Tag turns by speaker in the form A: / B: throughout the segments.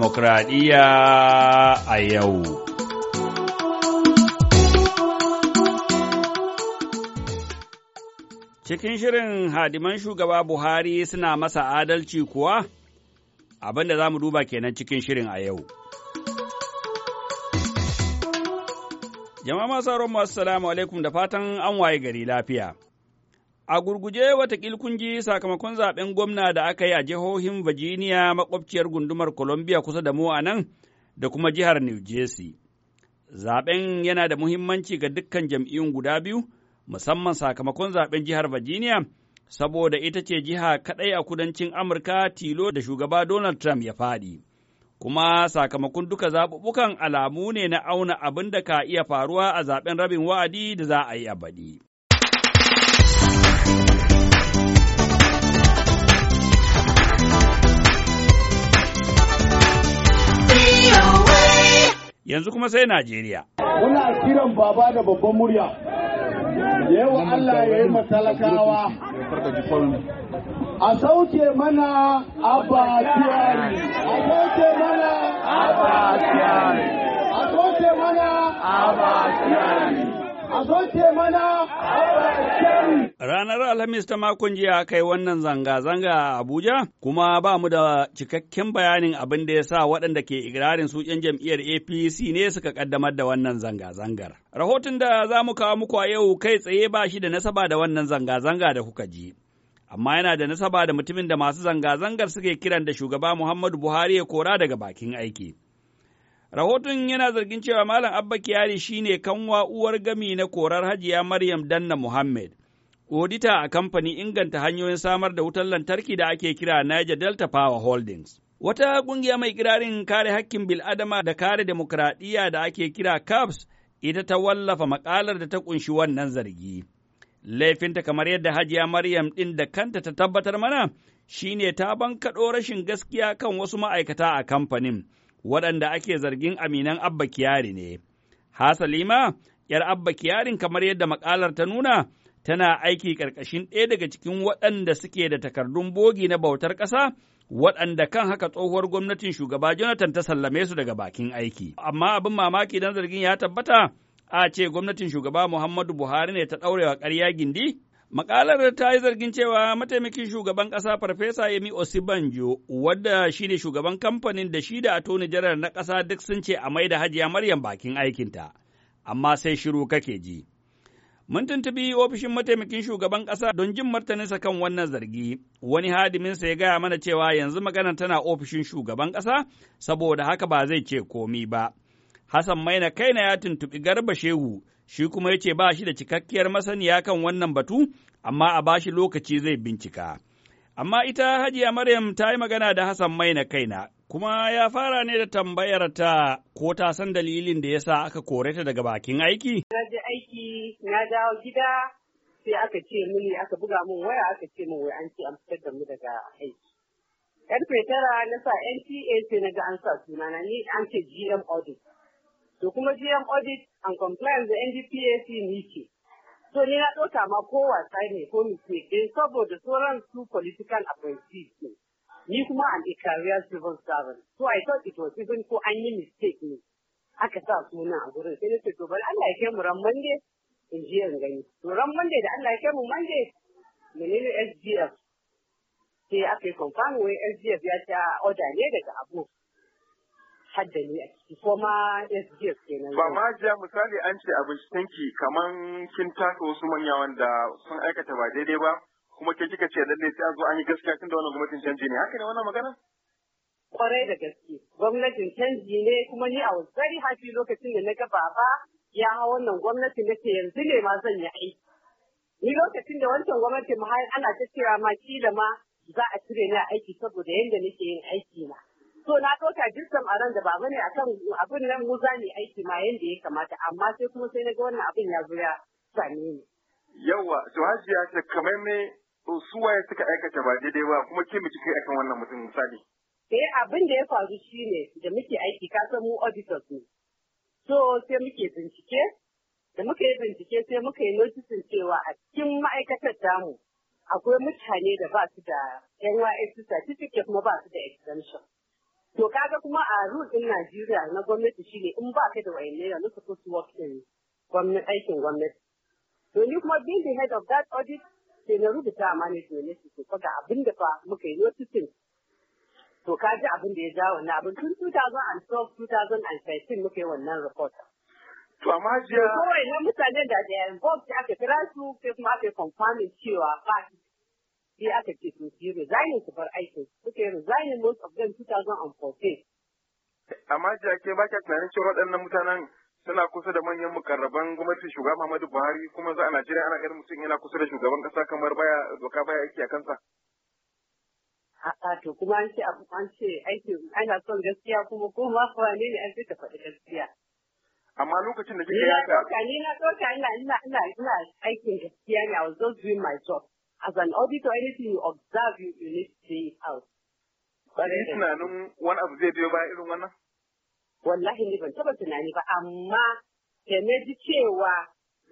A: demokradiyya a yau. Cikin shirin hadiman shugaba Buhari suna masa adalci kuwa? Abinda da za mu duba kenan cikin shirin a yau. Jama'a masu masu salamu alaikum da fatan an waye gari lafiya. A gurguje watakil kilkunji sakamakon zaben gwamna da aka yi a jihohin Virginia makwabciyar gundumar Columbia kusa da mu a nan da kuma jihar New Jersey. Zaben yana da muhimmanci ga dukkan jam'iyyun guda biyu, musamman sakamakon zaben jihar Virginia, saboda ita ce jiha kaɗai a kudancin Amurka tilo da shugaba Donald Trump ya faɗi. Kuma sakamakon duka zaɓuɓɓukan alamu ne na auna abin da ka iya faruwa a zaɓen rabin wa'adi da za a yi a baɗi. yanzu kuma sai Najeriya.
B: Muna kiran baba da babban murya,
C: yawa Allah ya yi matalakawa. A sauke
B: mana abatiyari, a sauke mana abatiyari, a sauke mana abatiyari. a soke mana
A: Ranar Alhamis ta makon jiya aka yi wannan zanga-zanga a Abuja, kuma ba mu da cikakken bayanin abin da ya sa waɗanda ke igirarin su 'yan jam'iyyar APC ne suka ƙaddamar da wannan zanga-zangar. Rahoton da za mu kawo muku a yau kai tsaye ba shi da nasaba da wannan zanga-zanga da kuka ji. amma yana da nasaba da mutumin da masu zanga-zangar suke kiran da shugaba Muhammadu Buhari ya kora daga bakin aiki. Rahoton yana zargin cewa Malam Abba Kyari shine kanwa uwar gami na korar hajiya Maryam Danna Muhammad. Odita a kamfani inganta hanyoyin samar da wutar lantarki da ake kira Niger Delta Power Holdings. Wata ƙungiya mai kirarin kare hakkin bil'adama da kare demokradiyya da ake kira CAPS ita ta wallafa makalar da ta ƙunshi wannan zargi. Laifinta kamar yadda Hajiya Maryam ɗin da kanta ta tabbatar mana shine ta bankaɗo rashin gaskiya kan wasu ma'aikata a kamfanin. waɗanda ake zargin aminan Abba Kiyari ne. Hasalima, ‘yar Abba Kiyarin kamar yadda makalar ta nuna, tana aiki ƙarƙashin ɗaya daga cikin waɗanda suke da takardun bogi na bautar ƙasa, waɗanda kan haka tsohuwar gwamnatin shugaba Jonathan ta sallame su daga bakin aiki. Amma abin mamaki don zargin ya tabbata, a ce gwamnatin shugaba Muhammadu Buhari ne ta ɗaurewa ƙarya gindi, Makalar ta yi zargin cewa mataimakin shugaban ƙasa Farfesa Yemi Osibanjo, wadda shi ne shugaban kamfanin da shi da atoni jarar na ƙasa duk sun ce a mai da hajiya Maryam bakin aikinta, amma sai shiru kake ji. Mun tuntubi ofishin mataimakin shugaban ƙasa don jin martaninsa kan wannan zargi, wani hadiminsa ya gaya mana cewa yanzu maganar tana ofishin shugaban ƙasa, saboda haka ba zai ce komi ba. Hassan Maina kaina ya tuntuɓi Garba Shehu, shi kuma ya ce ba shi da cikakkiyar masaniya kan wannan batu, amma a ba shi lokaci zai bincika. Amma ita Hajiya Maryam ta yi magana da Hassan mai na kaina, kuma ya fara ne da tambayar ta ko ta san dalilin da ya sa aka kore ta daga bakin aiki?
B: Na je aiki, na dawo gida, sai aka ce mini aka buga min waya aka ce min wai an ce an fitar da mu daga aiki. Karfe tara na sa NTA sai na ga an sa sunana ni an ce GM Audit. To kuma GM audit and compliance da NDPAC ni ke. To ni na ɗauka ma ko wasa ne ko mistake ɗin eh, saboda sauran su political appointees ne. Ni kuma an a career civil servant. So I thought it was even ko an yi mistake ne. Aka sa suna a gurin sai na ce to bari Allah ya kai mu ran Monday in ji in gani. To ran Monday da Allah ya kai mu Monday menene SGF sai aka yi confirm wai SGF ya ta order ne daga abu. hadda ni a ciki ko ma SGS kenan. Ba ma
C: ja misali an ce a bincikenki kaman kin taka wasu manya wanda sun aikata ba daidai ba kuma ke kika ce lalle sai an zo an yi gaskiya tun da wannan gwamnatin canji ne haka
B: ne wannan magana? Kwarai da gaske gwamnatin canji ne kuma ni a very hafi lokacin da na ga baba ya hau wannan gwamnati nake yanzu ne ma zan yi aiki. Ni lokacin da wancan gwamnatin ma ana ta cewa ma kila ma za a cire ni aiki saboda yadda nake yin aiki na. so na ɗauka gisam a ran da ba bane akan abin nan mu za aiki ma yanda ya kamata amma sai kuma sai na ga wannan abin ya zo ya same ni.
C: Yawa to hajiya ta kamar me waye suka aikata ba daidai ba kuma ke
B: miki kai akan wannan mutum misali. Eh abin da ya faru shine da muke aiki ka san mu auditors ne. So sai muke bincike da muka bincike sai muka yi notisin cewa a cikin ma'aikatar tamu akwai mutane da ba su da NYSC certificate kuma ba su da exemption. kuma a rule din Najeriya na gwamnati shine in ba ka da wayanne you're supposed to work in gwamnati aikin gwamnati to ni kuma being the head of that audit sai na rubuta a management ne su ko ga abin da fa muka yi noticing to ka ji abin da ya ja wannan abin tun 2012 2015, muka yi wannan report To amma jiya. Kawai na mutanen da da involved da aka kira su sai kuma aka confirm cewa ba sai aka ce su yi resigning su bar aikin. Suka yi resigning most of them 2014.
C: Amma jake ba kya tunanin cewa waɗannan mutanen suna kusa da manyan mukarraban gwamnati shugaba Muhammadu Buhari kuma za a Najeriya ana ganin mutum yana kusa da shugaban kasa kamar baya doka baya aiki a kansa.
B: A'a to kuma an ce an ce aiki ana son gaskiya kuma ko ma kuwa ne ne an ce ta faɗi gaskiya.
C: Amma lokacin
B: da kika yaka. Ni na ɗauka ina ina ina ina aikin gaskiya ne I was just doing my job. As an auditor anything you observe you, need to say how. yi eh. tunanin
C: wani abu zai biyo ba irin wannan?
B: Wallahi ni ban taba tunani ba amma da na ji cewa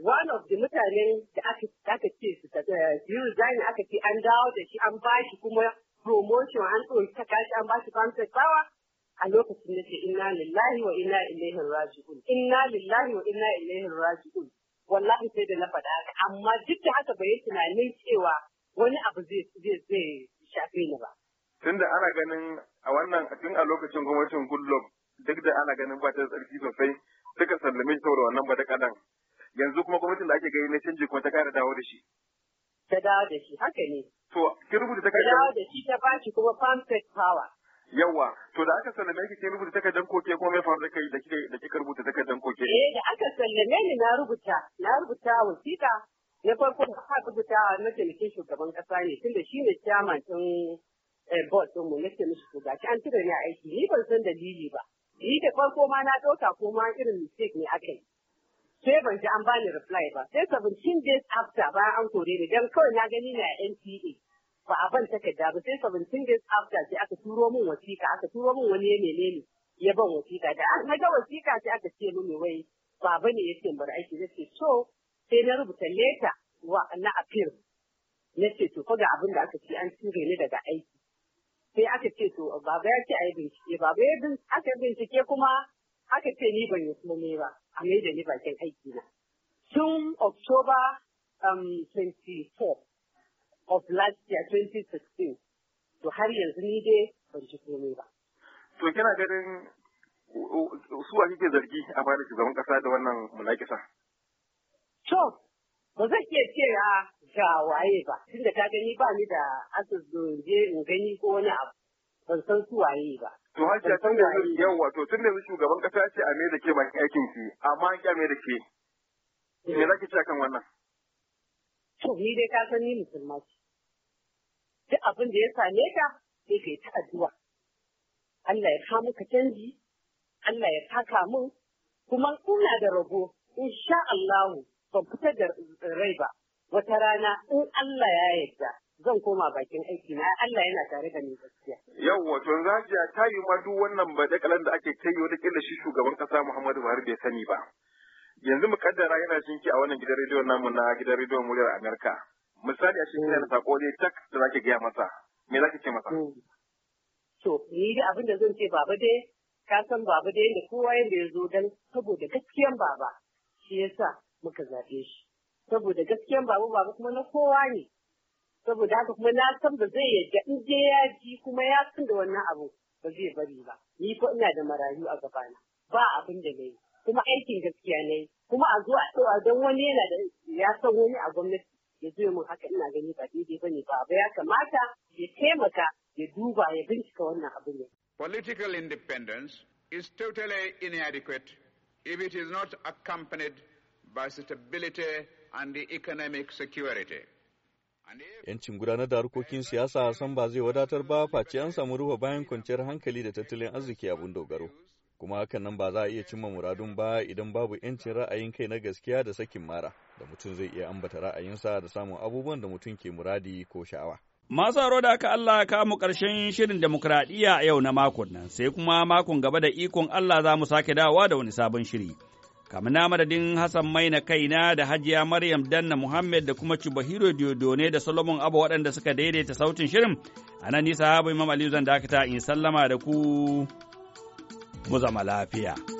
B: one of the mutanen da aka ce su resign eh, aka ce an dawo da shi an ba shi kuma promotion an ɗauki ta kashi an ba shi contract tsawa a lokacin da ce inna lillahi wa inna ilaihi raji'un inna lillahi wa inna ilaihi raji'un wallahi sai da na faɗa haka amma duk da haka bai yi tunanin cewa wani abu zai zai shafe ni ba
C: tunda ana ganin a wannan tun a lokacin gwamnatin Goodluck duk da ana ganin ba ta tsarki sosai suka sallame shi saboda wannan kadan yanzu kuma gwamnatin da ake gani na canji kuma ta kara dawo da shi
B: ta dawo da shi haka ne
C: to ki rubuta ta dawo
B: da shi ta bashi kuma pamphlet power
C: yawa to da aka sallame ki kin rubuta takardar koke kuma mai faru da kai da kika da kika rubuta takardar koke eh da
B: aka sallame ni na rubuta na rubuta wasiƙa na farko da aka rubuta na taimakin shugaban ƙasa ne tunda shi ne chairman din Eh, board ɗinmu yake mishi to gashi an cire ni aiki ni ban san dalili ba ni da farko ma na ɗauka ko ma irin mistake ne aka yi sai ban ji an bani reply ba sai seventeen days after bayan an kore ni dan kawai na gani na NTA ba a ban takarda ba sai seventeen days after sai aka turo min wasiƙa aka turo min wani ne ya ban wasiƙa da na ga wasiƙa sai aka ce mini wai baba ne ya ce bar aiki ce so sai na rubuta leta wa na appeal nace to fa ga abin da aka ce an cire ni daga aiki sai aka ce to baba ya ce a yi bincike baba ya aka bincike kuma aka ce ni ban yi kuma me ba a mai da ni bakin aiki na tun october um, 24 of last year 2016 to har yanzu ni dai ban ci komai ba to kina ganin su
C: a kike zargi a bada shugaban kasa da wannan munakisa
B: to ba zai iya cewa ga waye ba tunda ka gani ba ni da asus je in gani ko wani abu ban san su waye ba to hajiya tun da
C: yau wato tun da shugaban kasa ce a me da ke bakin aikin ki amma an kyame da ke me zaki ce kan wannan
B: to ni dai ka san ni musulma ce duk abin da ya same ka sai kai ta addu'a Allah ya kawo ka canji Allah ya taka min kuma ina da rago insha Allah ban fitar da rai ba wata rana in Allah ya yarda zan koma bakin aiki na Allah yana tare da ni gaskiya.
C: yau wato Zajiya ta yi ma duk wannan badakalan da ake kai wata kila shi shugaban kasa Muhammadu Buhari bai sani ba. Yanzu mu kaddara yana jinki a wannan gidan rediyon namu na gidan rediyon muryar Amerika. Misali a shi yana sako dai tak da zaki gaya masa. Me zaki ce masa?
B: Hmm. To ni da abin da zan ce baba dai ka san baba dai da kowa yanda ya zo dan saboda gaskiyan baba shi yasa muka zabe shi. saboda gaskiyan babu babu kuma na kowa ne saboda haka kuma na san ba zai yadda in je ya ji kuma ya san da wannan abu ba zai bari ba ni ko ina da marayu a gabana ba abin da nayi kuma aikin gaskiya nayi kuma a zo a ɗora don wani yana da ya san wani a gwamnati ya zo min haka ina gani ba daidai ba ne ba ya kamata ya taimaka ya duba ya bincika wannan abin ne.
A: Political independence is totally inadequate if it is not accompanied stability and economic security. Yancin gudanar da harkokin siyasa san ba zai wadatar ba face an samu ruwa bayan kwanciyar hankali da tattalin arziki abun dogaro. Kuma hakan nan ba za a iya cimma muradun ba idan babu yancin ra'ayin kai na gaskiya da sakin mara da mutum zai iya ambata ra'ayinsa da samun abubuwan da mutum ke muradi ko sha'awa. Masu haro da aka Allah ka mu karshen shirin demokuraɗiyya a yau na makon nan, sai kuma makon gaba da ikon Allah za mu sake dawowa da wani sabon shiri. kamar na madadin Hassan Maina kaina da Hajiya Maryam Danna Muhammad da kuma Diodo Diodone da Solomon Abba waɗanda suka daidaita sautin shirin. A nan nisa Imam Aliyu zan dakata in sallama da ku mu zama lafiya.